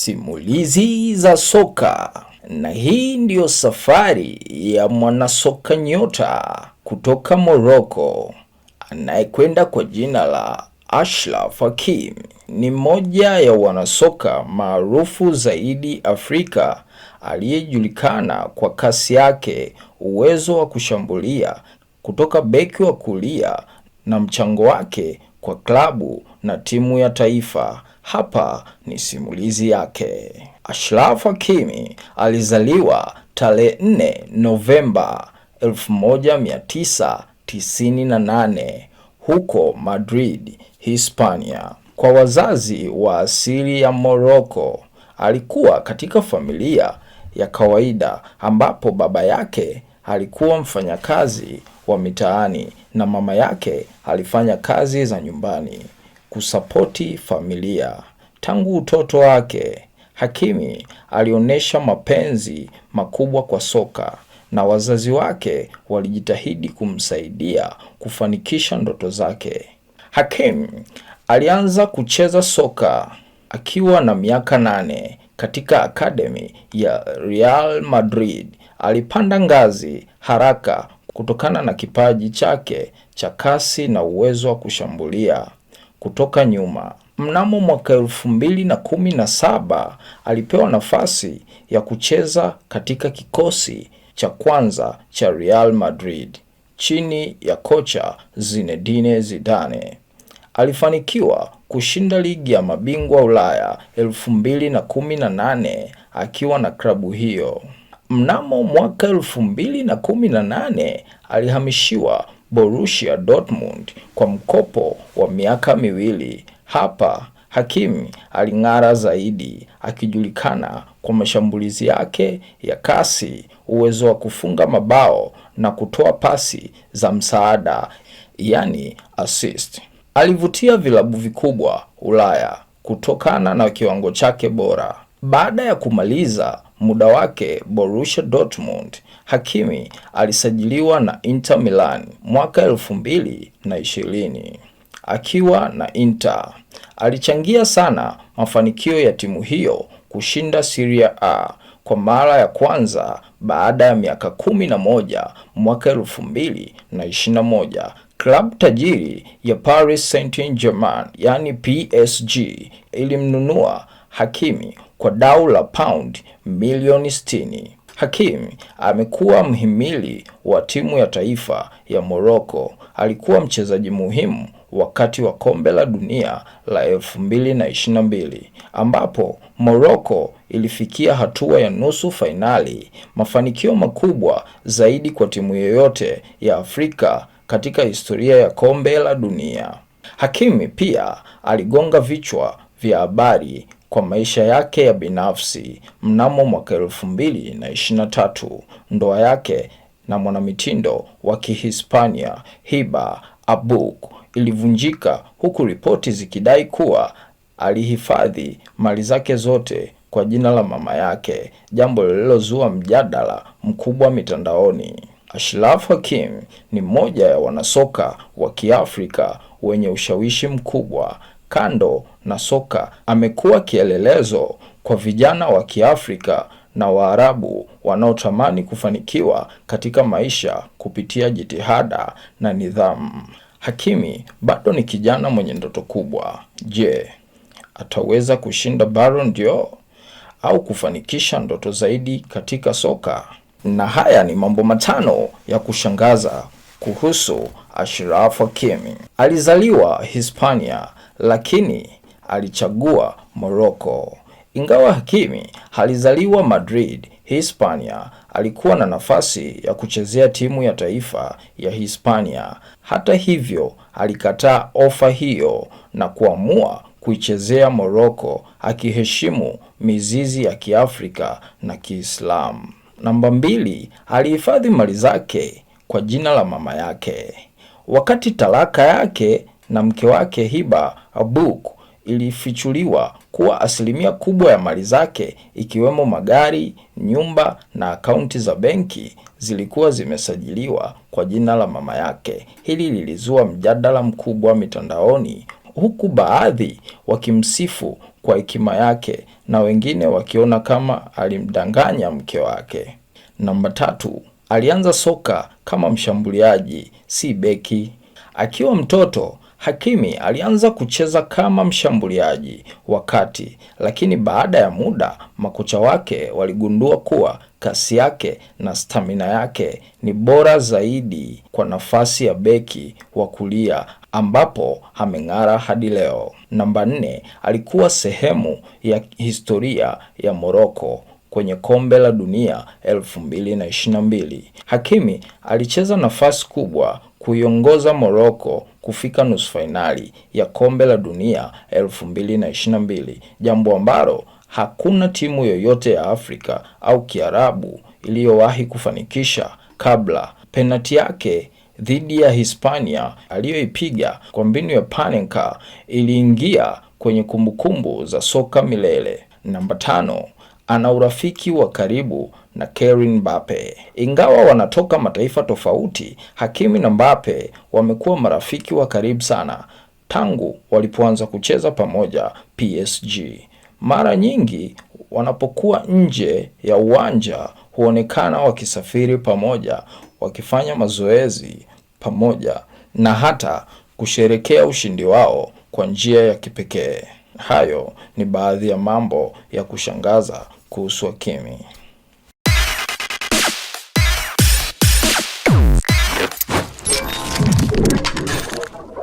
Simulizi za soka, na hii ndiyo safari ya mwanasoka nyota kutoka Morocco anayekwenda kwa jina la Achraf Hakimi. Ni mmoja ya wanasoka maarufu zaidi Afrika aliyejulikana kwa kasi yake, uwezo wa kushambulia kutoka beki wa kulia na mchango wake kwa klabu na timu ya taifa. Hapa ni simulizi yake. Ashraf Hakimi alizaliwa tarehe 4 Novemba 1998 huko Madrid, Hispania, kwa wazazi wa asili ya Morocco. Alikuwa katika familia ya kawaida ambapo baba yake alikuwa mfanyakazi wa mitaani na mama yake alifanya kazi za nyumbani kusapoti familia. Tangu utoto wake, Hakimi alionyesha mapenzi makubwa kwa soka na wazazi wake walijitahidi kumsaidia kufanikisha ndoto zake. Hakim alianza kucheza soka akiwa na miaka nane katika akademi ya Real Madrid Alipanda ngazi haraka kutokana na kipaji chake cha kasi na uwezo wa kushambulia kutoka nyuma. Mnamo mwaka elfu mbili na kumi na saba alipewa nafasi ya kucheza katika kikosi cha kwanza cha Real Madrid chini ya kocha Zinedine Zidane. Alifanikiwa kushinda ligi ya mabingwa Ulaya elfu mbili na kumi na nane akiwa na klabu hiyo. Mnamo mwaka elfu mbili na kumi na nane alihamishiwa Borussia Dortmund kwa mkopo wa miaka miwili. Hapa Hakim aling'ara zaidi akijulikana kwa mashambulizi yake ya kasi, uwezo wa kufunga mabao na kutoa pasi za msaada, yani assist. Alivutia vilabu vikubwa Ulaya kutokana na kiwango chake bora. Baada ya kumaliza muda wake Borussia Dortmund. Hakimi alisajiliwa na Inter Milan mwaka elfu mbili na ishirini akiwa na Inter. Alichangia sana mafanikio ya timu hiyo kushinda Serie A kwa mara ya kwanza baada ya miaka kumi na moja mwaka elfu mbili na ishirini na moja. Klabu tajiri ya Paris Saint-Germain yani PSG ilimnunua Hakimi kwa dau la pound milioni 60. Hakim amekuwa mhimili wa timu ya taifa ya Morocco. Alikuwa mchezaji muhimu wakati wa kombe la dunia la 2022 ambapo Morocco ilifikia hatua ya nusu fainali, mafanikio makubwa zaidi kwa timu yoyote ya Afrika katika historia ya kombe la dunia. Hakimi pia aligonga vichwa vya habari kwa maisha yake ya binafsi. Mnamo mwaka elfu mbili na ishirini na tatu, ndoa yake na mwanamitindo wa Kihispania Hiba Abuk ilivunjika huku ripoti zikidai kuwa alihifadhi mali zake zote kwa jina la mama yake, jambo lililozua mjadala mkubwa mitandaoni. Ashraf Hakim ni mmoja ya wanasoka wa Kiafrika wenye ushawishi mkubwa kando na soka, amekuwa kielelezo kwa vijana wa Kiafrika na Waarabu wanaotamani kufanikiwa katika maisha kupitia jitihada na nidhamu. Hakimi bado ni kijana mwenye ndoto kubwa. Je, ataweza kushinda Ballon d'Or au kufanikisha ndoto zaidi katika soka? Na haya ni mambo matano ya kushangaza kuhusu Ashraf Hakimi. Alizaliwa Hispania lakini alichagua Morocco. Ingawa Hakimi alizaliwa Madrid, Hispania, alikuwa na nafasi ya kuchezea timu ya taifa ya Hispania. Hata hivyo, alikataa ofa hiyo na kuamua kuichezea Morocco akiheshimu mizizi ya Kiafrika na Kiislamu. Namba mbili, alihifadhi mali zake kwa jina la mama yake. Wakati talaka yake na mke wake Hiba Abuk ilifichuliwa kuwa asilimia kubwa ya mali zake ikiwemo magari, nyumba na akaunti za benki zilikuwa zimesajiliwa kwa jina la mama yake. Hili lilizua mjadala mkubwa mitandaoni huku baadhi wakimsifu kwa hekima yake na wengine wakiona kama alimdanganya mke wake. Namba tatu, alianza soka kama mshambuliaji si beki. Akiwa mtoto Hakimi alianza kucheza kama mshambuliaji wakati lakini baada ya muda makocha wake waligundua kuwa kasi yake na stamina yake ni bora zaidi kwa nafasi ya beki wa kulia ambapo ameng'ara hadi leo. Namba nne alikuwa sehemu ya historia ya Morocco kwenye kombe la dunia 2022. Hakimi alicheza nafasi kubwa kuiongoza Morocco kufika nusu fainali ya kombe la dunia 2022, jambo ambalo hakuna timu yoyote ya Afrika au Kiarabu iliyowahi kufanikisha kabla. Penati yake dhidi ya Hispania aliyoipiga kwa mbinu ya Panenka iliingia kwenye kumbukumbu za soka milele. Namba tano, ana urafiki wa karibu na Kylian Mbappe. Ingawa wanatoka mataifa tofauti, Hakimi na Mbappe wamekuwa marafiki wa karibu sana tangu walipoanza kucheza pamoja PSG. Mara nyingi wanapokuwa nje ya uwanja huonekana wakisafiri pamoja, wakifanya mazoezi pamoja na hata kusherekea ushindi wao kwa njia ya kipekee. Hayo ni baadhi ya mambo ya kushangaza kuhusu Hakimi.